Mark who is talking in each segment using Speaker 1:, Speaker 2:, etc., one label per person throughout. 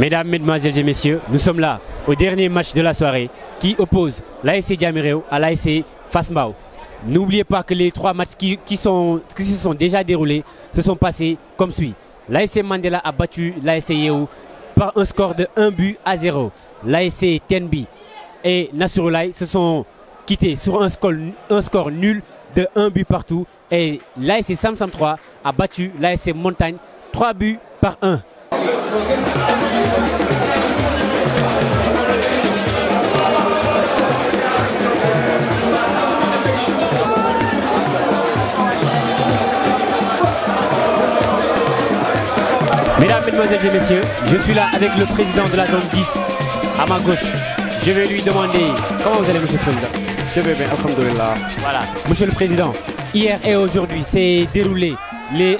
Speaker 1: Mesdames, Mesdemoiselles et Messieurs, nous sommes là au dernier match de la soirée qui oppose l'ASC Diaméreo à l'ASC Fasmao. N'oubliez pas que les trois matchs qui, sont, se sont déjà déroulés se sont passés comme suit. L'ASC Mandela a battu l'ASC Yeo par un score de 1 but à 0. L'ASC Tenbi et Nasurulai se sont quittés sur un score, nul de 1 but partout. Et l'ASC Sam 3 a battu l'ASC Montagne 3 buts par 1. mesdames et messieurs, je suis là avec le président de la zone 10, à ma gauche. Je vais lui demander comment vous allez, monsieur le président. Je vais bien, Voilà, monsieur le président, hier et aujourd'hui s'est déroulée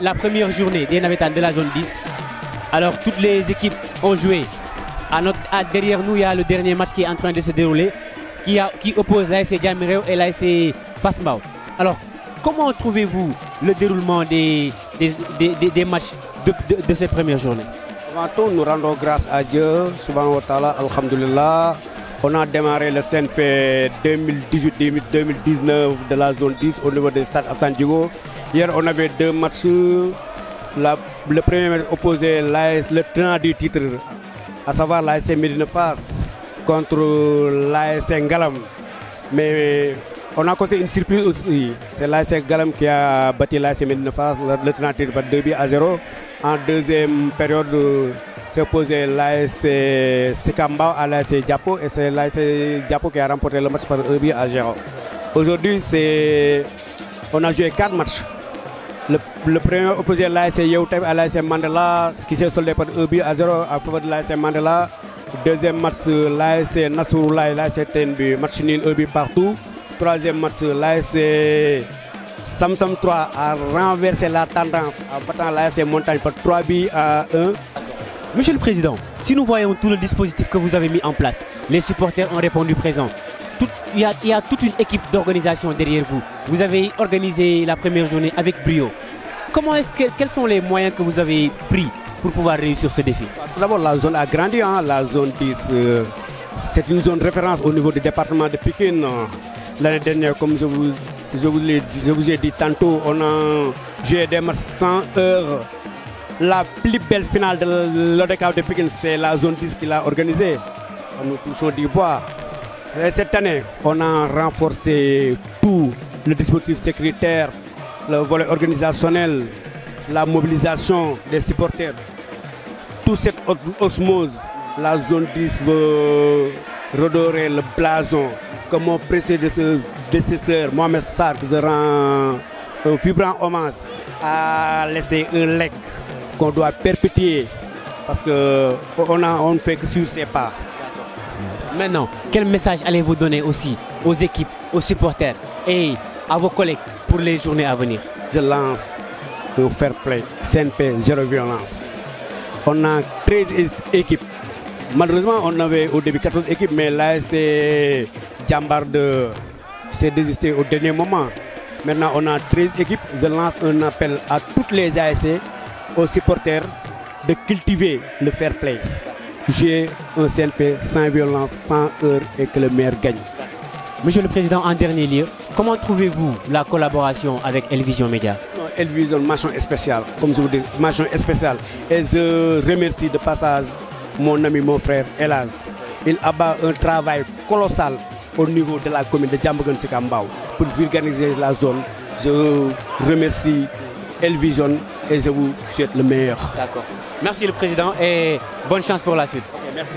Speaker 1: la première journée des Navetan de la zone 10. Alors, toutes les équipes ont joué. derrière nous, il y a le dernier match qui est en train de se dérouler, qui, a, qui oppose l'ASC et l'ASC Fasmao. Alors, Comment trouvez-vous le déroulement des, des, matchs de, de, ces premières journées
Speaker 2: Avant tout, nous rendons grâce à Dieu, Souvent wa ta'ala, alhamdulillah. On a démarré le CNP 2018-2019 de la zone 10 au niveau des stades à San Diego. Hier, on avait deux matchs. le premier opposé l'AS, le train du titre, à savoir l'AS Medina Fas contre l'AS Ngalam. Mais on a constaté une surprise aussi. C'est l'ASC Galam qui a battu l'ASC Medina le 30 bat 2 buts à 0. En deuxième période, c'est opposé l'ASC Sekamba à l'ASC Diapo et c'est l'ASC Diapo qui a remporté le match par 2 buts à 0. Aujourd'hui, c'est... on a joué 4 matchs. Le, premier opposé l'ASC Yeoutep à l'ASC Mandela qui s'est soldé par 1 à 0 à faveur de l'ASC Mandela. Deuxième match, l'ASC Nasrullah et l'ASC Tenbu, match nul 1 but partout troisième match, l'ASC Samsung 3 a renversé la tendance en battant l'ASC Montagne pour 3 buts à 1. Monsieur le Président, si nous voyons
Speaker 1: tout le dispositif que vous avez mis en place, les supporters ont répondu présent. Il y, a toute une équipe d'organisation derrière vous. Vous avez organisé la première journée avec brio. Comment
Speaker 2: est-ce que, quels sont les moyens que vous avez pris pour pouvoir réussir ce défi Tout d'abord, la zone a grandi. Hein, la zone 10, euh, c'est une zone référence au niveau du département de Pékin. L'année dernière, comme je vous, je, vous ai, dit tantôt, on a joué des matchs 100 heures. La plus belle finale de l'ODECA de Pékin, c'est la zone 10 qui l'a organisée. Nous touchons du bois. cette année, on a renforcé tout le dispositif sécuritaire, le volet organisationnel, la mobilisation des supporters. Tout cette osmose, la zone 10 veut redorer le blason que mon prédécesseur Mohamed Sark je rend un vibrant hommage, à laisser un leg qu'on doit perpétuer parce qu'on on ne fait que sur ses pas. Maintenant, quel message allez-vous donner aussi aux équipes, aux supporters et à vos collègues pour les journées à venir Je lance un fair play, CNP, zéro violence. On a 13 équipes Malheureusement, on avait au début 14 équipes, mais l'ASC Djambarde s'est désisté au dernier moment. Maintenant, on a 13 équipes. Je lance un appel à toutes les ASC, aux supporters, de cultiver le fair play. J'ai un CNP sans violence, sans heure et que le maire gagne. Monsieur le Président,
Speaker 1: en dernier lieu, comment trouvez-vous la collaboration avec Elvision Média
Speaker 2: Elvision, machin spécial, comme je vous dis, machin spécial. Et je remercie de passage mon ami, mon frère, hélas, il abat un travail colossal au niveau de la commune de Djambagan-Sikambao pour vulgariser la zone. Je remercie Elvision et je vous souhaite le meilleur.
Speaker 1: D'accord. Merci le Président et bonne chance pour la suite. merci.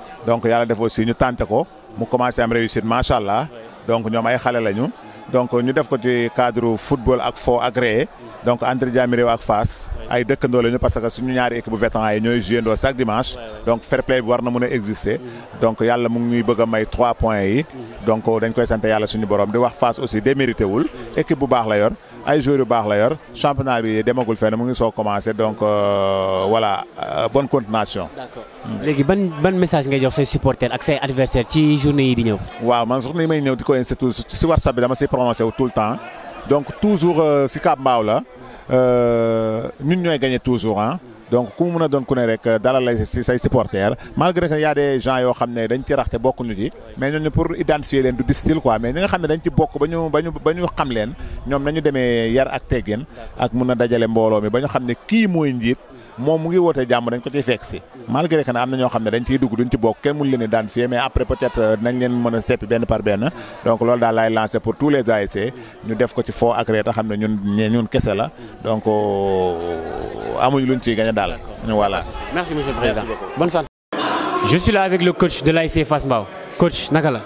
Speaker 3: donc yàlla def aussi ñu tenté ko mu commencé am réussite macha allah donc ñoom ay xale lañu. donc ñu def ko ci cadre football ak fo agréé donc entre Diamy Réew ak Fass ay dëkkandoo lañu parce que suñu ñaari équipe vétérans yi ñooy joué ndoo chaque dimanche donc fair play bi war na mën a exister donc yàlla mu ngi bëgg a may 3 points yi donc dañ koy sant yàlla suñu borom di wax Fass aussi démérité wul équipe bu baax la yor ay joueurs yu baax la championnat bi demagul fenn mu commencé donc euh, voilà euh, bonne continuation. d'accord hmm. léegi ban ban message ngay jox say supporters ak say adversaires ci journée yi di ñëw. waaw man may si WhatsApp tout le temps donc toujours euh, si Cap Mbao la nous, gagné toujours hein. donc ku mu mën a doon ku ne rek euh, dalal la si say supporters malgré que y a yoo xam ne dañ ci raxte bokk ñu ci mais ñooñu pour identifier leen du difficile quoi mais ñi nga xam ne dañ ci bokk ba ñu xam leen ñoom nañu demee yar ak teggin ak mun a dajale mbooloo mi ba ñu xam ne kii mooy njiit mom ngi wote jamm dañ ko ci fekk malgré que ne am na ñoo xam dañ ciy dugg duñ ci bok kenn mënu leen daan fii mais après peut-être euh, nañ leen mën a ben par ben donc lool da lay lancer pour tous les ASC ñu def ko ci fo ak ree xamné ñun ñun kese la donc euh, amuñu luñ ci gagné daal voilà
Speaker 1: merci monsieur le président bonne santé je suis là avec le coach de l'ASC Fass coach naka la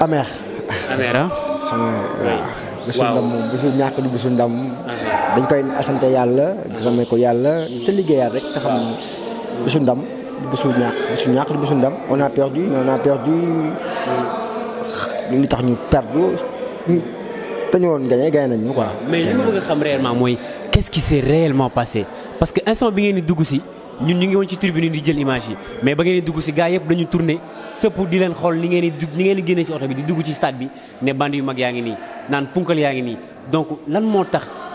Speaker 1: amer amer ah
Speaker 4: xam nga waaw bisu ndam moom bisu ñak du bisu ndam ah dañ koy asante yàlla gërëmee ko yàlla te liggéeyaat rek te xam ni bisu ndam bisu ñàkk bisu ñàkk du bisu ndam on a perdu mais on a perdu li tax ñu perdu te woon gagné gagné nañu quoi.
Speaker 1: mais li ma bëgg a xam réellement mooy qu'est-ce qui s'est réellement passé parce que instant bi ngeen di dugg si ñun ñu ngi woon ci tribune di jël image yi mais ba ngeen di dugg si gars yëpp dañu tourné sëpp di leen xool ni ngeen di dugg ni ngeen di génnee si oto bi di dugg ci stade bi ne bande yu mag yaa ngi nii naan punkal yaa ngi nii donc lan moo tax.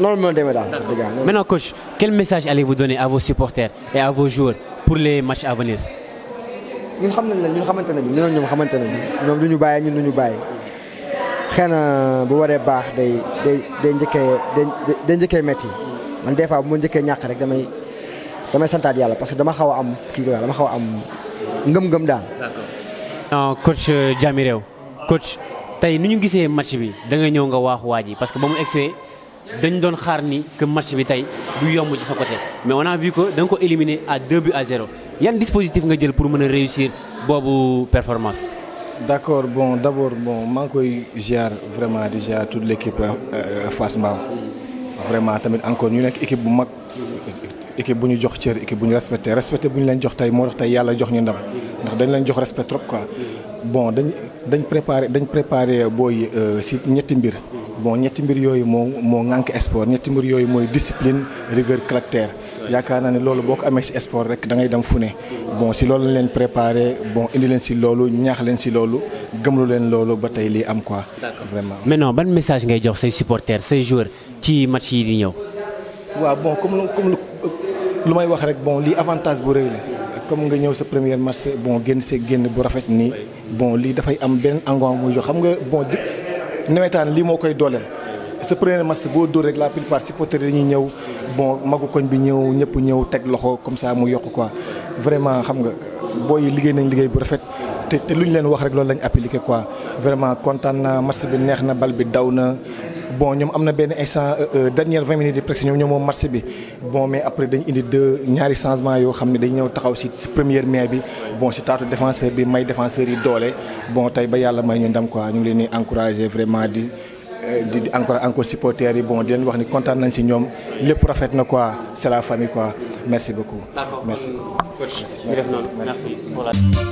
Speaker 4: Maintenant,
Speaker 1: coach, quel message allez-vous donner à vos supporters et à vos joueurs pour les matchs à venir
Speaker 4: Nous savons que nous nous nous nous bu waré baax day day day metti man des bu Nous ñak rek damay damay parce que dama dama am ngëm-ngëm
Speaker 1: d'accord coach Diamy euh, coach tay nu ñu Nous match bi da nga ñëw nga wax waaji parce que ba mu dañ doon xaar ni que match bi tey du yomb ci sa côté mais on a vu que da nga ko éliminer à 2 buts à zéro yan dispositif nga jël pour mën réussir boobu performance.
Speaker 5: d'accord bon d'abord bon maa ngi koy ziar vraiment déjà toute l'équipe euh, euh, Fass Mbao vraiment tamit encore ñu nekk équipe bu mag équipe bu ñu jox cër équipe bu ñu respecté respecté bu ñu leen jox tey moo tax tey yàlla jox ñu ndam ndax dañ leen jox respect trop quoi bon dañ dañ préparer dañ préparer boy euh, si ñetti mbir bon ñetti mbir yooyu mo moo ŋànk sport ñetti mbir yooyu moy discipline rigueur caractère yakarna naa lolu boko amé ci amee sport rek da ngay dem fune bon si lolu lañ leen bon indi leen si lolu ñaax leen si lolu gëmlu leen lolu ba tay li am quoi. vraiment
Speaker 1: maintenant ban message ngay jox say supporters say joueurs ci match yi di ñëw.
Speaker 5: bon comme comme lu may wax rek bon li avantage bu reuy la. comme nga ñew sa première match bon genn sé genn bu rafet ni bon da fay am ben engouement muy jox xam nga bon nawetaan lii moo koy dooleel. sa premier match boo dóor rek la plupart supporters dañuy ñëw bon magu koñ bi ñëw ñëpp ñëw teg loxo comme ça mu yokk quoi vraiment xam nga booy liggéey nañ liggéey bu rafet. te te lu ñu leen wax rek loolu lañ appliqué quoi vraiment kontaan na match bi neex na bal bi daw na bon nous, avons ben dernière 20 minutes de pression, nous avons marché bon mais après dañ deux ñaari nous avons nous première bon un défenseur bi may défenseur bon vraiment di euh, supporters bon di nous, wax ni c'est la famille quoi merci beaucoup. merci.
Speaker 1: merci.